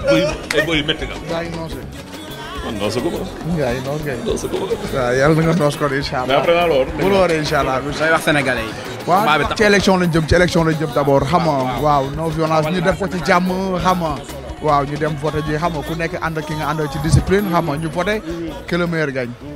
booy ay booy yu métti nga. gaa yi noose. man noose ko bëgg. gaa yi noose ngay. noose ko bëgg. na nga noose kon incha allah. mais après naa loolu. bu looree incha allah. day wax sénégalais ci élection lañ jëm ci élection lañ jëm d' abord xam nga waaw no violence ñu def ko ci jàmm xam waaw ñu dem voté ji xam nga ku nekk ànd ki nga ànd ci discipline xam ñu voté que le